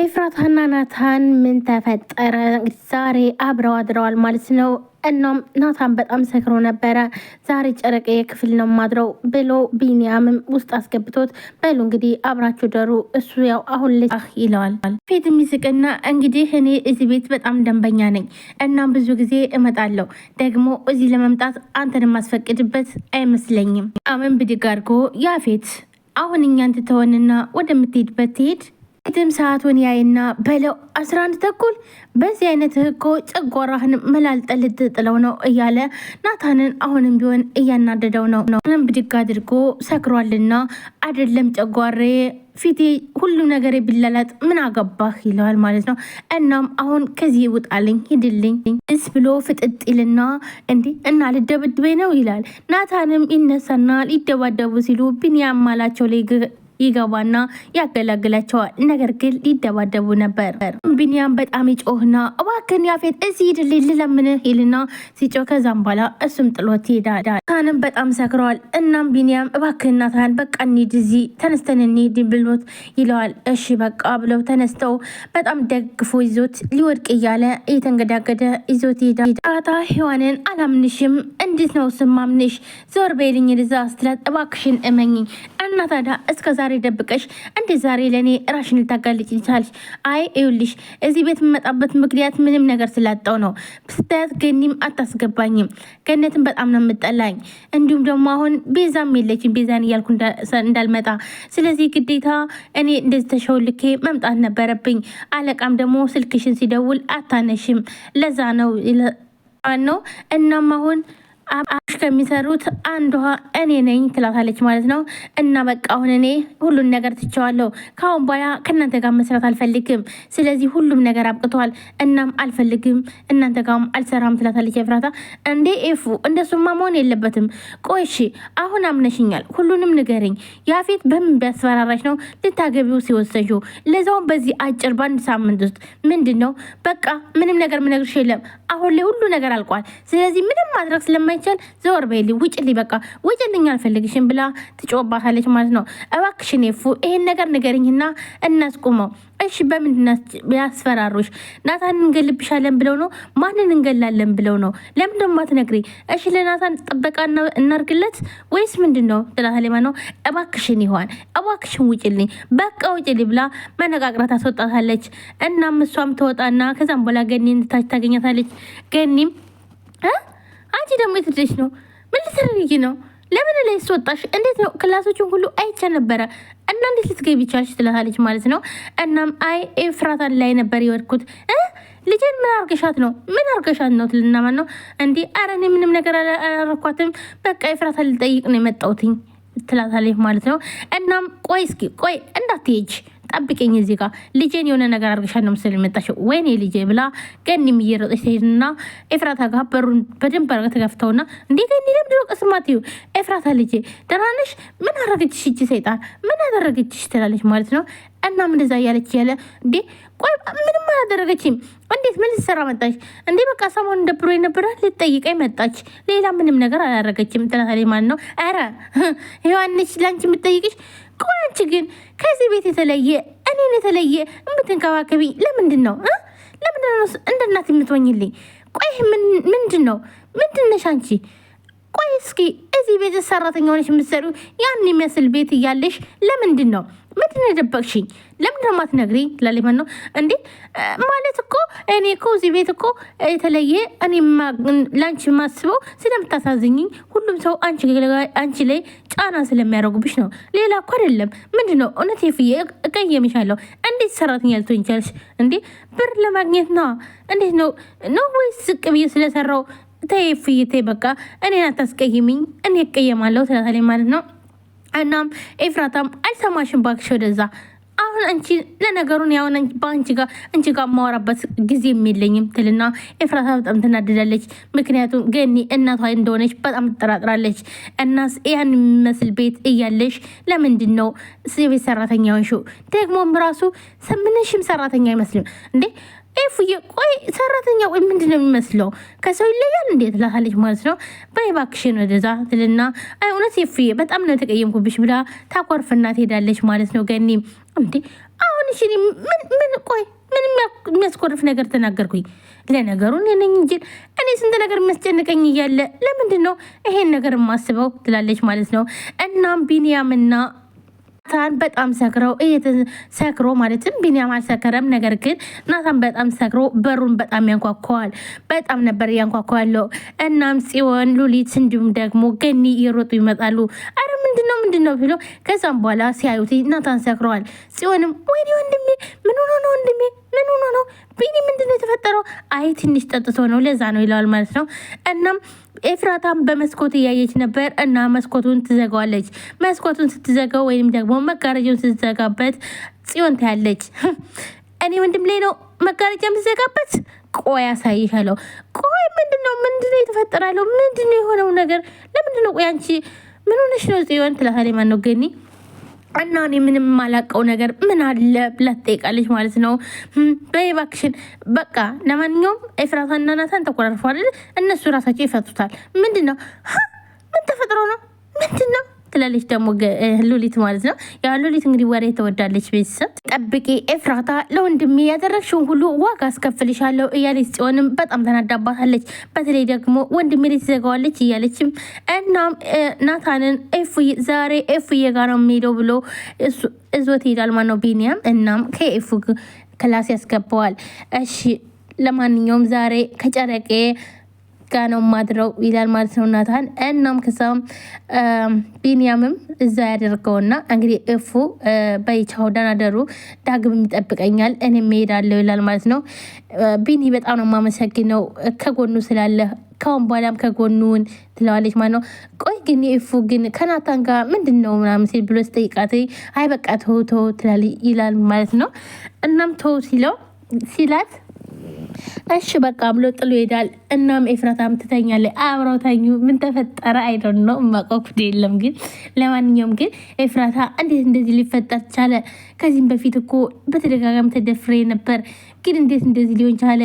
ኤፍራታና ናታን ምን ተፈጠረ? ዛሬ አብረው አድረዋል ማለት ነው። እናም ናታን በጣም ሰክሮ ነበረ። ዛሬ ጨረቀ የክፍል ነው ማድረው ብሎ ቢኒያምም ውስጥ አስገብቶት በሉ እንግዲህ አብራችሁ ደሩ። እሱ ያው አሁን ል ይለዋል ፊት የሚስቅና እንግዲህ እኔ እዚህ ቤት በጣም ደንበኛ ነኝ። እናም ብዙ ጊዜ እመጣለሁ። ደግሞ እዚህ ለመምጣት አንተን የማስፈቅድበት አይመስለኝም። አመን ብድግ አድርጎ ያፌት አሁን እኛን ትተወንና ወደምትሄድበት ትሄድ ዳዊትም ሰዓቱን ያይና በለው አስራ አንድ ተኩል በዚህ አይነት ህጎ ጨጓራህን መላልጠ ልትጥለው ነው እያለ ናታንን አሁንም ቢሆን እያናደደው ነው። ንም ብድግ አድርጎ ሰክሯልና አይደለም ጨጓሬ ፊቴ ሁሉም ነገር ቢላላጥ ምን አገባህ ይለዋል ማለት ነው። እናም አሁን ከዚህ ውጣልኝ ሂድልኝ እስ ብሎ ፍጥጥ ይልና እንዲ እና ልደበድቤ ነው ይላል። ናታንም ይነሳና ሊደባደቡ ሲሉ ቢንያም ማላቸው ላይ ይገባና ያገላግላቸዋል። ነገር ግን ሊደባደቡ ነበር። ቢኒያም በጣም ይጮህና እባክን ያፌት እዚህ ድል ልለምን ይልና ሲጮህ ከዛም በኋላ እሱም ጥሎት ይሄዳል። ናታንም በጣም ሰክረዋል። እናም ቢኒያም እባክህን ናታን በቃ እንሂድ እዚህ ተነስተን እንሂድ ብሎት ይለዋል። እሺ በቃ ብለው ተነስተው በጣም ደግፎ ይዞት ሊወድቅ እያለ እየተንገዳገደ ይዞት ይሄዳል። ራታ ሔዋንን አላምንሽም፣ እንዴት ነው ስማምንሽ? ዞር በልኝ ልዛ ስትለት እባክሽን እመኝ እና ታዲያ እስከ ዛሬ ደብቀሽ እንዴት ዛሬ ለእኔ ራሽን ልታጋልጭ ይቻልሽ? አይ እዩልሽ፣ እዚህ ቤት የምመጣበት ምክንያት ምንም ነገር ስላጣው ነው። ስታያት ገኒም አታስገባኝም። ገነትን በጣም ነው የምጠላኝ። እንዲሁም ደግሞ አሁን ቤዛም የለችም፣ ቤዛን እያልኩ እንዳልመጣ። ስለዚህ ግዴታ እኔ እንደዚህ ተሸውልኬ መምጣት ነበረብኝ። አለቃም ደግሞ ስልክሽን ሲደውል አታነሽም። ለዛ ነው ነው እናም አሁን አብርሽ ከሚሰሩት አንዷ እኔ ነኝ ትላታለች ማለት ነው። እና በቃ አሁን እኔ ሁሉን ነገር ትቸዋለሁ። ከአሁን በኋላ ከእናንተ ጋር መስራት አልፈልግም። ስለዚህ ሁሉም ነገር አብቅተዋል። እናም አልፈልግም፣ እናንተ ጋርም አልሰራም ትላታለች ኤፍራታ። እንዴ ኤፉ እንደሱማ መሆን የለበትም። ቆይሺ አሁን አምነሽኛል፣ ሁሉንም ንገረኝ። ያፌት በምን ቢያስፈራራሽ ነው ልታገቢው ሲወሰሹ? ለዛውም በዚህ አጭር በአንድ ሳምንት ውስጥ ምንድን ነው? በቃ ምንም ነገር ምነግርሽ የለም። አሁን ላይ ሁሉ ነገር አልቋል። ስለዚህ ምንም ማድረግ ስለማ ስለማይቻል ዘወር ውጭ ውጭልኝ፣ በቃ ውጭልኝ፣ አልፈልግሽም ብላ ትጮባታለች ማለት ነው። እባክሽን ኤፉ ይሄን ነገር ንገርኝና እናስቁመው። እሺ በምንድን ያስፈራሩሽ? ናታን እንገልብሻለን ብለው ነው? ማንን እንገላለን ብለው ነው? ለምን ደሞ አትነግሪ? እሺ ለናታን ጥበቃ እናርግለት ወይስ ምንድን ነው? ትላታሌማ ነው። እባክሽን ይሆን እባክሽን ውጭልኝ፣ በቃ ውጭልኝ ብላ መነቃቅራ ታስወጣታለች። እናም እሷም ትወጣና ከዛም በኋላ ገኒ ታገኛታለች። ገኒም አንቺ ደግሞ የት ልጅ ነው? ምን ልትሰርይ ነው? ለምን ላይ ስወጣሽ? እንዴት ነው? ክላሶችን ሁሉ አይቼ ነበረ እና እንዴት ልትገቢ ቻልሽ? ትላታለች ማለት ነው። እናም አይ ኤፍራታ ላይ ነበር የወድኩት ልጄን ምን አርገሻት ነው? ምን አርገሻት ነው ትልናማን ነው እንዲህ። አረ እኔ ምንም ነገር አላረኳትም። በቃ ኤፍራታ ልጠይቅ ነው የመጣውትኝ ትላታለች ማለት ነው። እናም ቆይ እስኪ ቆይ እንዳትሄጅ ጠብቀኝ እዚህ ጋር ልጄን የሆነ ነገር አድርገሻት ነው መሰለኝ የመጣሽው፣ ወይኔ ልጄ ብላ ገኒም እየሮጠች ትሄድና ኤፍራታ ጋር በሩን በደንብ አድርጋ ተጋፍተውና እንዴት ኒለም ድሮ ቅስማት እዩ ኤፍራታ ልጄ ደህና ነሽ? ምን አረገችሽ? እጅ ሰይጣን ምን አደረገችሽ ትላለች ማለት ነው። እናም እንደዛ እያለች ያለ እንዴ ቆይ ምንም አላደረገችም። እንዴት ምን ልትሰራ መጣች? እንዴ በቃ ሰሞን እንደብሮ የነበረ ልጠይቀኝ መጣች። ሌላ ምንም ነገር አላደረገችም ትላታለች ማለት ነው። ኧረ ሔዋን ነች የምጠይቅሽ ቆይ አንቺ ግን ከዚህ ቤት የተለየ እኔን የተለየ የምትንከባከቢ ለምንድን ነው? ለምንድን ነው እንደ እናት የምትወኝልኝ? ቆይ ምንድን ነው? ምንድን ነሽ አንቺ? ቆይ እስኪ እዚህ ቤት ሰራተኛ ሆነሽ የምትሰሩ ያን የሚያስል ቤት እያለሽ ለምንድን ነው ምንድን ነው የደበቅሽኝ? ለምንድን ነው የማትነግሪኝ? ላሊበን ነው እንዴ? ማለት እኮ እኔ እኮ እዚህ ቤት እኮ የተለየ እኔ ለአንቺ ማስበው ስለምታሳዝኝኝ ሁሉም ሰው አንቺ ላይ ጫና ስለሚያደርጉብሽ ነው። ሌላ እኮ አይደለም። ምንድን ነው እውነት የፍዬ እቀየምሻለሁ። እንዴት ሰራተኛ ልትሆኝ ይቻልሽ? እንዴ ብር ለማግኘት ና እንዴት ነው ነው ወይስ ዝቅ ብዬ ስለሰራው? ተይ ፍዬ ተይ በቃ እኔን አታስቀይሚኝ። እኔ እቀየማለሁ ትላታለች ማለት ነው። እናም ኤፍራታም አልሰማሽም ባክሽ ወደዛ አሁን አንቺ ለነገሩን ያሁን በአንቺ ጋር እንቺ ጋር የማወራበት ጊዜ የሚለኝም ትልና ኤፍራታ በጣም ትናድዳለች። ምክንያቱም ገኒ እናቷ እንደሆነች በጣም ትጠራጥራለች። እናስ ያን የሚመስል ቤት እያለሽ ለምንድን ነው የቤት ሰራተኛ ሆንሽው? ደግሞም ራሱ ምንሽም ሰራተኛ አይመስልም እንዴ ኤፉዬ ቆይ ሰራተኛ ቆይ ምንድን ነው የሚመስለው? ከሰው ይለያል እንዴ ትላታለች ማለት ነው። በባክሽን ወደዛ ትልና አይ እውነት ኤፉዬ በጣም ነው የተቀየምኩብሽ ብላ ታኮርፍና ትሄዳለች ማለት ነው ገኒም እንዴ አሁን እሺ፣ ምን ምን ቆይ ምን የሚያስኮርፍ ነገር ተናገርኩኝ? ለነገሩ እኔ ነኝ እንጂ እኔ ስንት ነገር የሚያስጨንቀኝ እያለ ለምንድን ነው ይሄን ነገር የማስበው? ትላለች ማለት ነው። እናም ቢንያምና ናታን በጣም ሰክረው ሰክሮ ማለትም ቢኒያም አልሰከረም። ነገር ግን ናታን በጣም ሰክሮ በሩን በጣም ያንኳኳዋል። በጣም ነበር ያንኳኳ እናም ጽዮን፣ ሉሊት እንዲሁም ደግሞ ገኒ እየሮጡ ይመጣሉ። አረ ምንድነው ምንድነው ብሎ ከዛም በኋላ ሲያዩት ናታን ሰክረዋል። ጽዮንም ወይኔ ወንድሜ ምን ሆኖ ነው ወንድሜ ምን ሆኖ ነው ቢኒ ምንድን ነው የተፈጠረው? አይ ትንሽ ጠጥቶ ነው ለዛ ነው ይለዋል ማለት ነው። እናም ኤፍራታም በመስኮት እያየች ነበር እና መስኮቱን ትዘጋዋለች። መስኮቱን ስትዘጋው ወይም ደግሞ መጋረጃውን ስትዘጋበት ጽዮን ታያለች። እኔ ወንድም ላይ ነው መጋረጃ የምትዘጋበት? ቆይ አሳይሻለሁ። ቆይ ምንድን ምንድነው ምንድን የተፈጠራለሁ? ምንድነው የሆነው ነገር? ለምንድነው ነው ቆይ አንቺ ምን ሆነሽ ነው ጽዮን ትላታለች። ማን ነው ገኒ እና እኔ ምንም የማላውቀው ነገር ምን አለ ብላ ትጠይቃለች ማለት ነው። በባክሽን በቃ ለማንኛውም ኤፍራታና ናታን ተኮራርፈዋል። እነሱ ራሳቸው ይፈቱታል። ምንድን ነው? ምን ተፈጥሮ ነው? ምንድን ነው? ትላለች ደግሞ ሉሊት ማለት ነው። ያ ሉሊት እንግዲህ ወሬ ተወዳለች። ቤተሰብ ጠብቂ ኤፍራታ፣ ለወንድሜ ያደረግሽውን ሁሉ ዋጋ አስከፍልሻለሁ እያለች ጽዮንም በጣም ተናዳባታለች። በተለይ ደግሞ ወንድሜ ላይ ትዘጋዋለች እያለችም እናም ናታንን ዛሬ ኤፍዬ ጋር ነው የሚሄደው ብሎ እዞት ይሄዳል ማነው ቢኒያም። እናም ከኤፍ ክላስ ያስገባዋል። እሺ ለማንኛውም ዛሬ ከጨረቄ ጋ ነው ማድረው ይላል ማለት ነው ናታን። እናም ከሰም ቢንያምም እዛ ያደርገውና እንግዲህ እፉ በይቻው ደሩ ዳግም ይጠብቀኛል እኔ እሄዳለሁ ይላል ማለት ነው። ቢኒ በጣም ነው የማመሰግነው ከጎኑ ስላለ ካሁን በኋላም ከጎኑን ትለዋለች ማለት ነው። ቆይ ግን እፉ ግን ከናታን ጋር ምንድን ነው ምናምን ሲል ብሎ ስጠይቃት አይ በቃ ተው ተው ይላል ማለት ነው። እናም ተው ሲለው ሲላት እሺ በቃ ብሎ ጥሎ ይሄዳል። እናም ኤፍራታም ትተኛለች። አብረው ተኙ። ምን ተፈጠረ አይደን ነው የማውቀው የለም ግን ለማንኛውም ግን ኤፍራታ እንዴት እንደዚህ ሊፈጠር ቻለ? ከዚህም በፊት እኮ በተደጋጋሚ ተደፍሬ ነበር፣ ግን እንዴት እንደዚህ ሊሆን ቻለ?